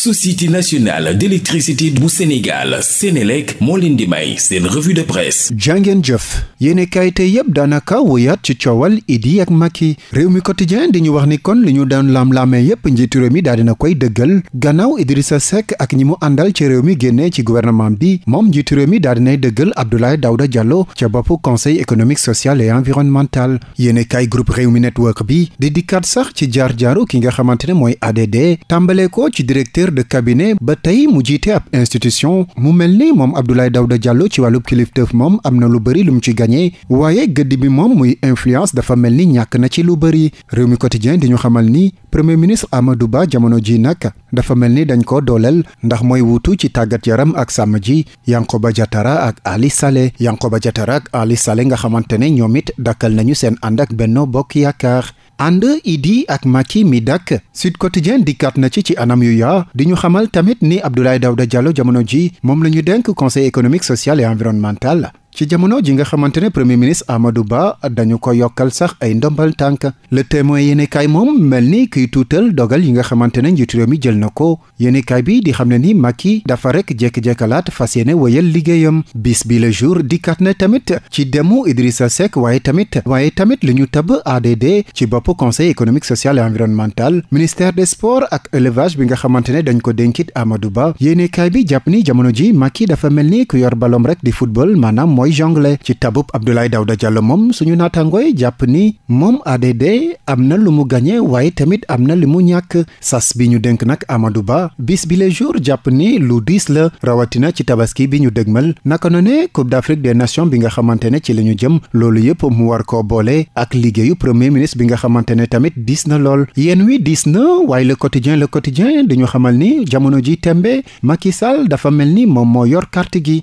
société nationale d'électricité bu Sénégal Sénélec moo leen di may seen revue de presse jàngeen jëf yéene kayite yépp daanaka woyaat ci coowal Idi ak Macky réew mi quotidien di ñu wax ni kon li ñu daan laam-laamee yépp njiitu réew mi daal dina koy dëggal gannaaw sa Seck ak ñi mu àndal ci réew mi génnee ci gouvernement bi moom njiitu réew mi daal dinay dëggal Abdoulaye Daouda Diallo ca boppu conseil économique social et environnemental yéene kay groupe réew mi network bi di dikkaat sax ci jaar-jaaru ki nga xamante ne mooy ADD tàmbalee ko ci directeur directeur de cabinet ba tey mu jiite ab institution mu mel ni moom Abdoulaye Daouda Diallo ci wàllub kilifteef moom am na lu bari lu mu ci gañee waaye gëdd bi moom muy influence dafa mel ni ñàkk na ci lu bari réew mi quotidien di ñu xamal ni premier ministre Amadou Ba jamono ji nag dafa mel ni dañ ko dooleel ndax mooy wutu ci tàggat yaram ak sàmm ji ba Diatara ak Ali Saleh ba Diatara ak Ali Saleh nga xamante ne ñoom it dàkkal nañu seen ànd ak Benno Bokk Yaakaar ànd Idi ak Macky mi dak Sud Quotidien dikkaat na ci ci anam yu yaa di ñu xamal tamit ni Abdoulaye Daouda Diallo jamono ji moom la ñu dénk conseil économique social et environnemental ci jamono ji nga xamante ne premier ministre Amadou Ba dañu ko yokkal sax ay ndombal tànk le témoin yéenekaay moom mel ni kiy tuutal dogal yi nga xamante ne njiitu yoom mi jël na ko yéenekaay bi di xam ne ni Macky dafa rek jékki-jékkalaat fas yéene wëyal liggéeyam bis bi le jour dikkaat na tamit ci demu Idrissa Seck waaye tamit waaye tamit lu ñu tabb ADD ci bopp conseil économique social et environnemental ministère des sports ak élevage bi nga xamante ne dañ ko dénkit Amadou Ba yéenekaay bi jàpp ni jamono ji Macky dafa mel ni ku yor balom rek di football maanaam mooy jongle ci tabub Abdoulaye Daouda Diallo moom suñu naataangooy jàpp ni moom ADD am na lu mu gañe waaye tamit am na li mu ñàkk sas bi ñu dénk nag amadu Ba bis bi les jours jàpp ni lu diis la rawatina ci tabaski bi ñu dëgmal naka na ne Coupe d'Afrique des Nations bi nga xamante ne ci la ñu jëm loolu yëpp mu war koo boole ak liggéeyu premier ministre bi nga xamante ne tamit diis na lool yéen wi diis na waaye le quotidien le quotidien dañu xamal ni jamono ji tembe Macky Sall dafa mel ni moom moo yor gi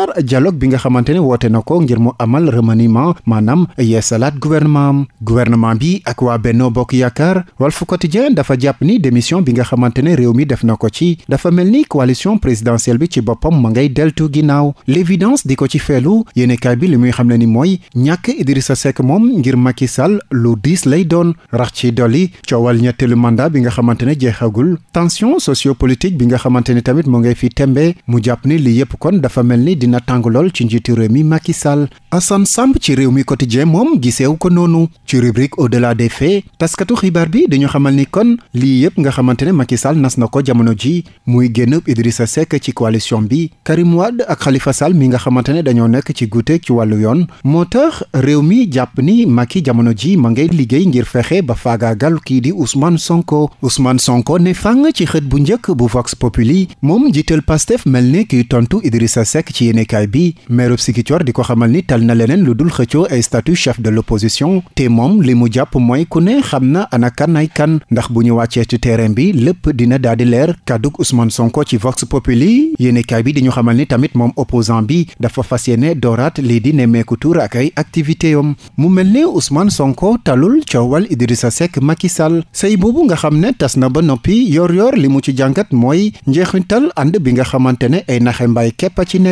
ñaar dialogue bi nga xamante ne woote na ko ngir mu amal remaniement maanaam yeesalaat gouvernement am gouvernement bi ak waa Benno Bokk Yaakaar Walf Quotidien dafa jàpp ni démission bi nga xamante ne réew mi def na ko ci dafa mel ni coalition présidentielle bi ci boppam ma ngay deltu ginnaaw l'évidence di ko ci feelu yéenekaay bi li muy xam ne ni mooy ñàkk sa Seck moom ngir Macky Sall lu diis lay doon rax ci dolli coowal ñetteelu mandat bi nga xamante ne jeexagul tension sociopolitique bi nga xamante ne tamit mu ngay fi tembe mu jàpp na tàng lool ci njiitu réew mi Macky Sall Assane Samb ci réew mi quotidien moom giseew ko noonu ci rubrique au delà des faits taskatu xibaar bi dañu xamal ni kon lii yëpp nga xamante ne Macky Sall nas na ko jamono ji muy génn sa sekk ci coalition bi Karim Wade ak Khalifa Sall mi nga xamante ne dañoo nekk ci guute ci wàllu yoon moo tax réew mi jàpp ni Macky jamono ji ma ngay liggéey ngir fexe ba faagaagal kii di Ousmane Sonko Ousmane Sonko ne fàng ci xët bu njëkk bu Vox Populi moom jiital Pastef mel tontu Idrissa Seck ci yéenekaay bi meerub di ko xamal ni tal na leneen lu dul xëccoo ay statut chef de l'opposition te moom li mu jàpp mooy ku ne xam na ana kan ay kan ndax bu ñu wàccee ci terrain bi lépp dina daal di leer kàddug Ousmane Sonko ci Vox Populi yéenekaay bi di ñu xamal ni tamit moom opposant bi dafa fas yéene dooraat lii di nemmeeku tuur ak ay activité yam mu mel ne Ousmane Sonko talul coowal Idrissa sa Macky Sall sëy boobu nga xam ne tas na ba noppi yor yor li mu ci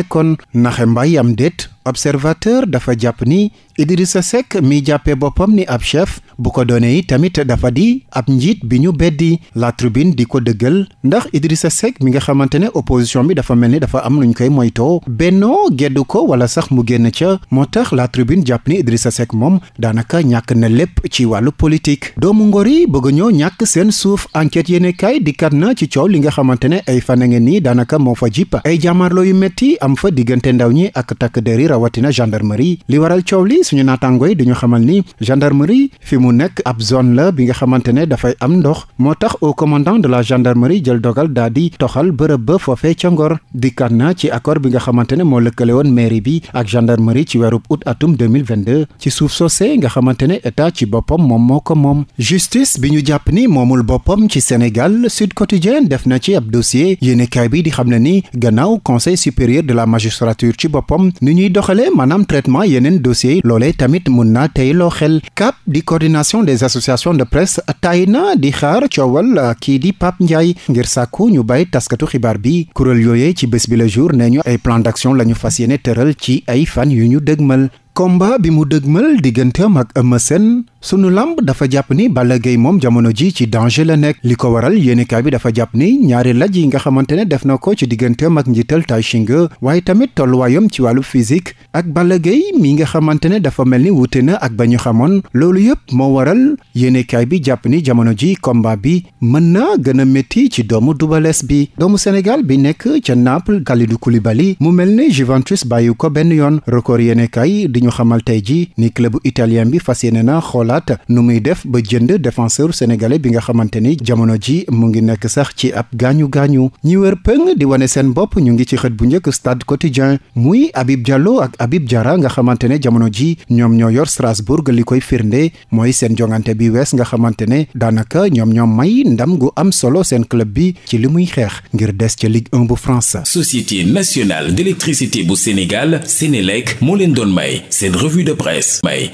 a naxe mbay am déet observateur dafa jàpp ni Idrissa Seck mi jàppee boppam ni ab chef bu ko doonee yi tamit dafa di ab njiit bi ñu beddi la tribune di ko dëggal ndax Idrissa Seck mi nga xamante ne opposition bi dafa mel ni dafa am lu koy moytoo bennoo geddu ko wala sax mu génn ca moo tax la tribune jàpp ni Idrissa Seck moom daanaka ñàkk na lépp ci wàllu politique doomu ngor yi bëgg ñoo ñàkk seen suuf enquête yéene kaay dikkat na ci coow li nga xamante ne ay fan a ngeen nii daanaka moo fa jippa ay jàmmaarloo yu metti am fa diggante ndaw ñi ak takk der yi rawatina gendarmerie li waral coow li suñu naataango yi dañu xamal ni gendarmerie fi mu nekk ab zone la bi nga xamante ne dafay am ndox moo tax au commandant de la gendarmerie jël dogal daa di toxal bërëb ba foofee ca Ngor dikkaat na ci accord bi nga xamante ne moo lëkkale woon mairie bi ak gendarmerie ci weerub août atum 2022 ci suuf soosee nga xamante ne état ci boppam moom moo ko moom justice bi ñu jàpp ni moomul boppam ci Sénégal Sud Quotidien def na ci ab dossier yéenekaay bi di xam ne ni gannaaw conseil supérieur de la magistrature ci boppam doxalee maanaam traitement yeneen dossiers yi loolee tamit mun na tey loo xel CAP di coordination des associations de presse taay na di xaar coowal uh, kii di Pape Ndiaye ngir sàkku ñu bàyyi taskatu xibaar bi kuréel yooyee ci bés bi la jour nee ñu ay plan d'action la ñu fas yéene tëral ci ay fan yu ñu dëgmal combat bi mu dëgmal digganteem ak Eumeu Sène sunu làmp dafa jàpp ni Balla moom jamono ji ci danger la nekk li ko waral yéenekaay bi dafa jàpp ni ñaari laj yi nga xamante ne def na ko ci digganteem ak njiital Tay waaye tamit tolluwaayam ci wàllu physique ak Balla Gaye mi nga xamante ne dafa mel ni wuute na ak ba ñu xamoon loolu yëpp moo waral yéenekaay bi jàpp ni jamono ji combat bi mën na gën a métti ci doomu dubalees bi doomu Sénégal bi nekk ca Naples Kalidou Koulibaly mu mel ni Juventus bàyyi ko benn yoon record yéenekaay ñu xamal tey ji ni club italien bi fas yéene na xoolaat nu muy def ba jënd défenseur sénégalais bi nga xamante ni jamono ji mu ngi nekk sax ci ab gaañu gaañu ñi wër pëng di wane seen bopp ñu ngi ci xët bu njëkk stade quotidien muy Habib Diallo ak abib jara nga xamante ne jamono ji ñoom ñoo yor Strasbourg li koy firnde mooy seen jongante bi wees nga xamante ne daanaka ñoom ñoom may ndam gu am solo seen club bi ci li muy xeex ngir des ca Ligue 1 bu France. Société nationale d'électricité bu Sénégal Sénélec moo leen doon may seen revue de presse may